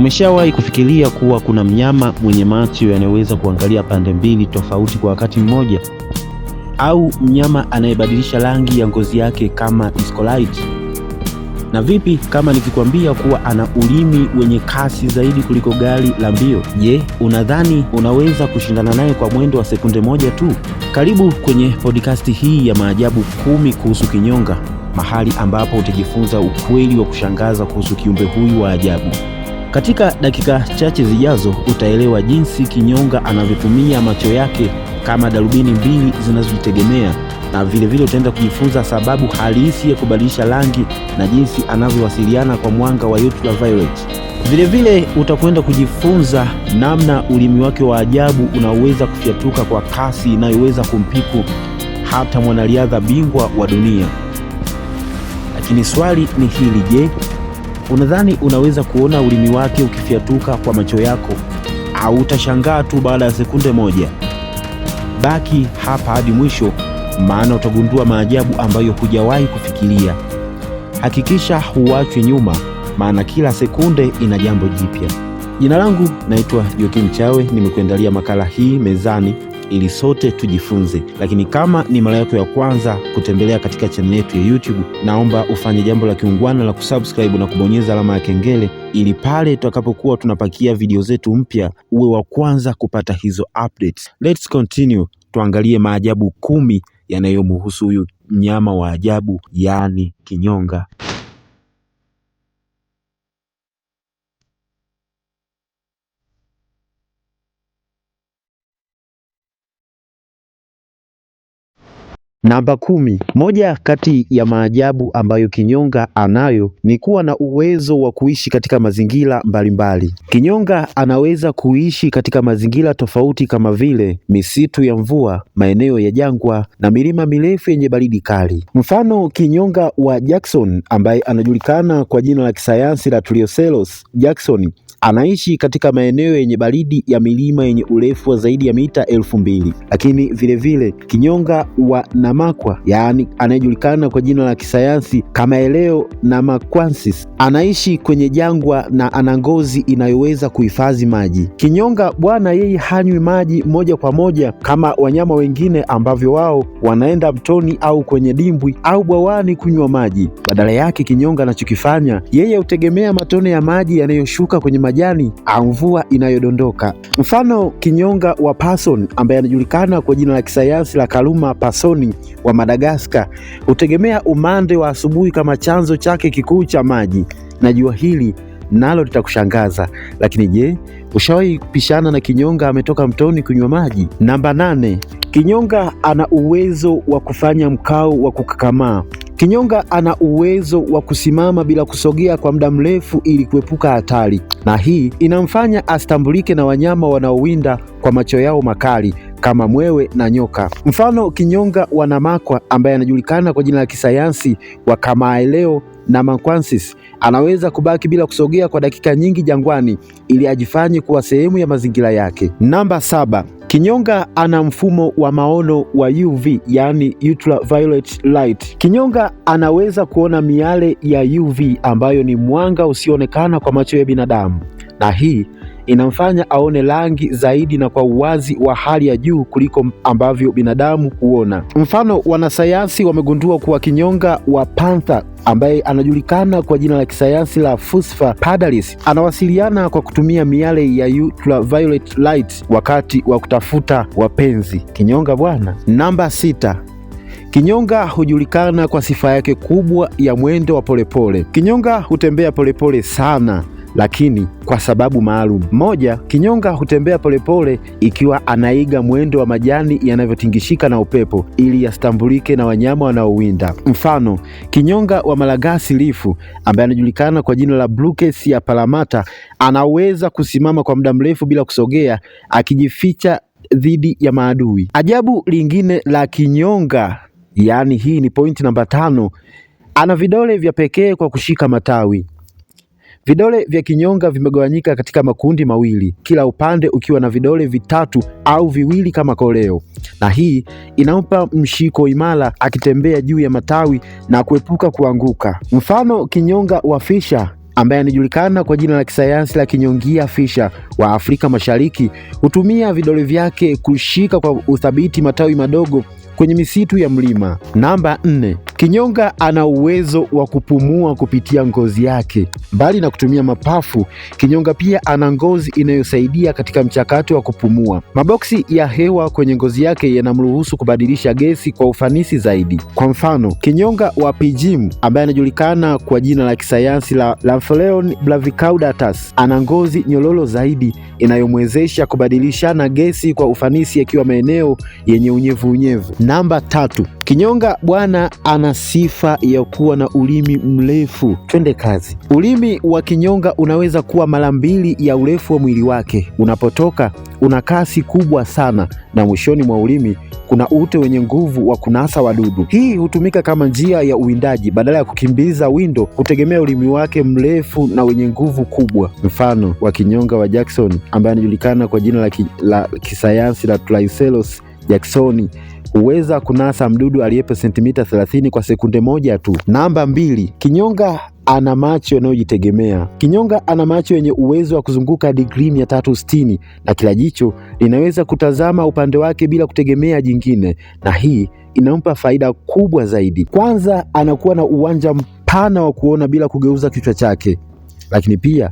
Umeshawahi kufikiria kuwa kuna mnyama mwenye macho yanayoweza kuangalia pande mbili tofauti kwa wakati mmoja, au mnyama anayebadilisha rangi ya ngozi yake kama disco Na vipi kama nikikwambia kuwa ana ulimi wenye kasi zaidi kuliko gari la mbio? Je, unadhani unaweza kushindana naye kwa mwendo wa sekunde moja tu? Karibu kwenye podcast hii ya maajabu kumi kuhusu kinyonga, mahali ambapo utajifunza ukweli wa kushangaza kuhusu kiumbe huyu wa ajabu. Katika dakika chache zijazo utaelewa jinsi Kinyonga anavyotumia macho yake kama darubini mbili zinazojitegemea na vilevile utaenda kujifunza sababu halisi ya kubadilisha rangi na jinsi anavyowasiliana kwa mwanga wa ultraviolet. Vilevile utakwenda kujifunza namna ulimi wake wa ajabu unaweza kufyatuka kwa kasi inayoweza kumpiku hata mwanariadha bingwa wa dunia. Lakini swali ni hili, je, Unadhani unaweza kuona ulimi wake ukifyatuka kwa macho yako, au utashangaa tu baada ya sekunde moja? Baki hapa hadi mwisho, maana utagundua maajabu ambayo hujawahi kufikiria. Hakikisha huachwi nyuma, maana kila sekunde ina jambo jipya. Jina langu naitwa Joakim Chawe, nimekuandalia makala hii Mezani ili sote tujifunze. Lakini kama ni mara yako ya kwanza kutembelea katika chaneli yetu ya YouTube, naomba ufanye jambo la kiungwana la kusubscribe na kubonyeza alama ya kengele, ili pale tutakapokuwa tunapakia video zetu mpya uwe wa kwanza kupata hizo updates. Let's continue, tuangalie maajabu kumi yanayomhusu huyu mnyama wa ajabu, yaani kinyonga. Namba kumi. Moja kati ya maajabu ambayo kinyonga anayo ni kuwa na uwezo wa kuishi katika mazingira mbalimbali. Kinyonga anaweza kuishi katika mazingira tofauti kama vile misitu ya mvua, maeneo ya jangwa na milima mirefu yenye baridi kali. Mfano, kinyonga wa Jackson ambaye anajulikana kwa jina la kisayansi la Trioceros Jackson Anaishi katika maeneo yenye baridi ya milima yenye urefu wa zaidi ya mita elfu mbili lakini vilevile kinyonga wa Namakwa, yaani anayejulikana kwa jina la kisayansi kama Eleo Namakwansis, anaishi kwenye jangwa na ana ngozi inayoweza kuhifadhi maji. Kinyonga bwana, yeye hanywi maji moja kwa moja kama wanyama wengine ambavyo wao wanaenda mtoni au kwenye dimbwi au bwawani kunywa maji. Badala yake, kinyonga anachokifanya yeye hutegemea matone ya maji yanayoshuka kwenye maji majani au mvua inayodondoka. Mfano, kinyonga wa pason ambaye anajulikana kwa jina la kisayansi la Kaluma pasoni wa Madagaskar hutegemea umande wa asubuhi kama chanzo chake kikuu cha maji, na jua hili nalo litakushangaza. Lakini je, ushawahi kupishana na kinyonga ametoka mtoni kunywa maji? Namba nane. Kinyonga ana uwezo wa kufanya mkao wa kukakamaa. Kinyonga ana uwezo wa kusimama bila kusogea kwa muda mrefu ili kuepuka hatari, na hii inamfanya asitambulike na wanyama wanaowinda kwa macho yao makali kama mwewe na nyoka. Mfano, kinyonga wa Namakwa ambaye anajulikana kwa jina la kisayansi wa Kamaeleo na Makwansis anaweza kubaki bila kusogea kwa dakika nyingi jangwani ili ajifanye kuwa sehemu ya mazingira yake. Namba saba. Kinyonga ana mfumo wa maono wa UV, yaani ultraviolet light. Kinyonga anaweza kuona miale ya UV ambayo ni mwanga usioonekana kwa macho ya binadamu, na hii inamfanya aone rangi zaidi na kwa uwazi wa hali ya juu kuliko ambavyo binadamu huona. Mfano, wanasayansi wamegundua kuwa kinyonga wa panther ambaye anajulikana kwa jina la kisayansi la Phusphor padalis anawasiliana kwa kutumia miale ya ultraviolet light wakati wa kutafuta wapenzi. Kinyonga bwana. Namba sita. Kinyonga hujulikana kwa sifa yake kubwa ya mwendo wa polepole. Kinyonga hutembea polepole sana lakini kwa sababu maalum. Moja, kinyonga hutembea polepole pole ikiwa anaiga mwendo wa majani yanavyotingishika na upepo ili yasitambulike na wanyama wanaowinda. Mfano, kinyonga wa Malagasy lifu ambaye anajulikana kwa jina la Blue Case ya Palamata anaweza kusimama kwa muda mrefu bila kusogea akijificha dhidi ya maadui. Ajabu lingine la kinyonga, yaani hii ni point namba tano, ana vidole vya pekee kwa kushika matawi. Vidole vya kinyonga vimegawanyika katika makundi mawili, kila upande ukiwa na vidole vitatu au viwili kama koleo, na hii inampa mshiko imara akitembea juu ya matawi na kuepuka kuanguka. Mfano, kinyonga wa fisha ambaye anajulikana kwa jina la kisayansi la kinyongia fisha wa Afrika Mashariki hutumia vidole vyake kushika kwa uthabiti matawi madogo kwenye misitu ya mlima. Namba nne, Kinyonga ana uwezo wa kupumua kupitia ngozi yake. Mbali na kutumia mapafu, kinyonga pia ana ngozi inayosaidia katika mchakato wa kupumua. Maboksi ya hewa kwenye ngozi yake yanamruhusu kubadilisha gesi kwa ufanisi zaidi. Kwa mfano, kinyonga wa Pidgin ambaye anajulikana kwa jina la kisayansi la Lamphaleon blavicaudatus ana ngozi nyololo zaidi inayomwezesha kubadilishana gesi kwa ufanisi akiwa maeneo yenye unyevu. Namba tatu, Kinyonga bwana ana sifa ya kuwa na ulimi mrefu. Twende kazi. Ulimi wa kinyonga unaweza kuwa mara mbili ya urefu wa mwili wake. Unapotoka una kasi kubwa sana, na mwishoni mwa ulimi kuna ute wenye nguvu wa kunasa wadudu. Hii hutumika kama njia ya uwindaji. Badala ya kukimbiza windo, hutegemea ulimi wake mrefu na wenye nguvu kubwa. Mfano wa kinyonga wa Jackson ambaye anajulikana kwa jina la, ki, la kisayansi la Triceros jacksoni huweza kunasa mdudu aliyepo sentimita 30 kwa sekunde moja tu. Namba mbili, kinyonga ana macho yanayojitegemea. Kinyonga ana macho yenye uwezo wa kuzunguka digrii mia tatu sitini na kila jicho linaweza kutazama upande wake bila kutegemea jingine, na hii inampa faida kubwa zaidi. Kwanza, anakuwa na uwanja mpana wa kuona bila kugeuza kichwa chake, lakini pia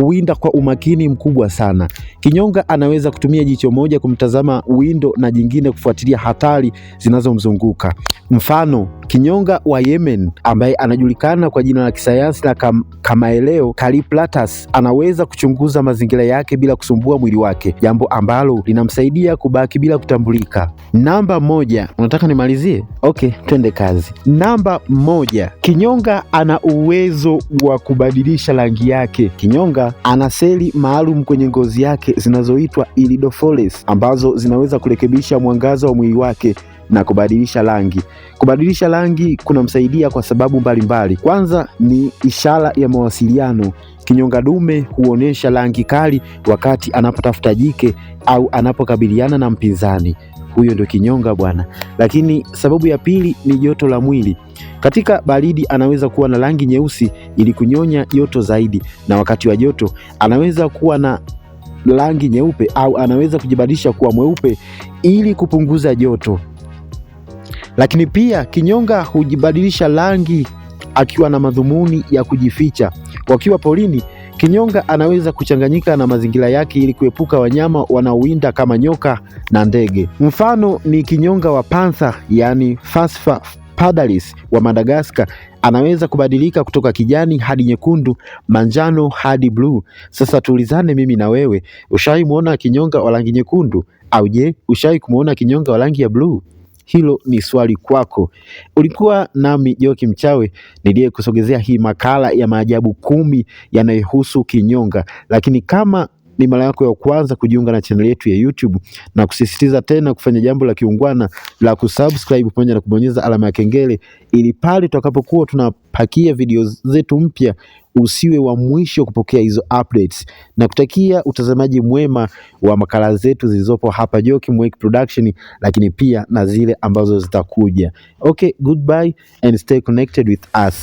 huwinda kwa umakini mkubwa sana. Kinyonga anaweza kutumia jicho moja kumtazama windo na jingine kufuatilia hatari zinazomzunguka. Mfano, kinyonga wa Yemen ambaye anajulikana kwa jina la kisayansi la kam, Kamaeleo Kaliplatus anaweza kuchunguza mazingira yake bila kusumbua mwili wake, jambo ambalo linamsaidia kubaki bila kutambulika. Namba moja. Unataka nimalizie? Okay, twende kazi. Namba moja, kinyonga ana uwezo wa kubadilisha rangi yake. Kinyonga ana seli maalum kwenye ngozi yake zinazoitwa iridophores ambazo zinaweza kurekebisha mwangaza wa mwili wake na kubadilisha rangi. Kubadilisha rangi kunamsaidia kwa sababu mbalimbali mbali. Kwanza ni ishara ya mawasiliano. Kinyonga dume huonesha rangi kali wakati anapotafuta jike au anapokabiliana na mpinzani. Huyo ndio kinyonga bwana. Lakini sababu ya pili ni joto la mwili. Katika baridi anaweza kuwa na rangi nyeusi ili kunyonya joto zaidi, na wakati wa joto anaweza kuwa na rangi nyeupe au anaweza kujibadilisha kuwa mweupe ili kupunguza joto. Lakini pia kinyonga hujibadilisha rangi akiwa na madhumuni ya kujificha. Wakiwa porini, kinyonga anaweza kuchanganyika na mazingira yake ili kuepuka wanyama wanaowinda kama nyoka na ndege. Mfano ni kinyonga wa panther, yani Fasfa padalis wa Madagaskar anaweza kubadilika kutoka kijani hadi nyekundu, manjano hadi bluu. Sasa tuulizane mimi na wewe, ushawahi muona kinyonga wa rangi nyekundu? Au je, ushawahi kumuona kinyonga wa rangi ya bluu? Hilo ni swali kwako. Ulikuwa nami Joki Mchawi niliyekusogezea hii makala ya maajabu kumi yanayohusu kinyonga, lakini kama ni mara yako ya kwanza kujiunga na chaneli yetu ya YouTube na kusisitiza tena kufanya jambo la kiungwana la kusubscribe pamoja na kubonyeza alama ya kengele, ili pale tutakapokuwa tunapakia video zetu mpya usiwe wa mwisho kupokea hizo updates, na kutakia utazamaji mwema wa makala zetu zilizopo hapa Joki Mweki Production, lakini pia na zile ambazo zitakuja. Okay, goodbye and stay connected with us.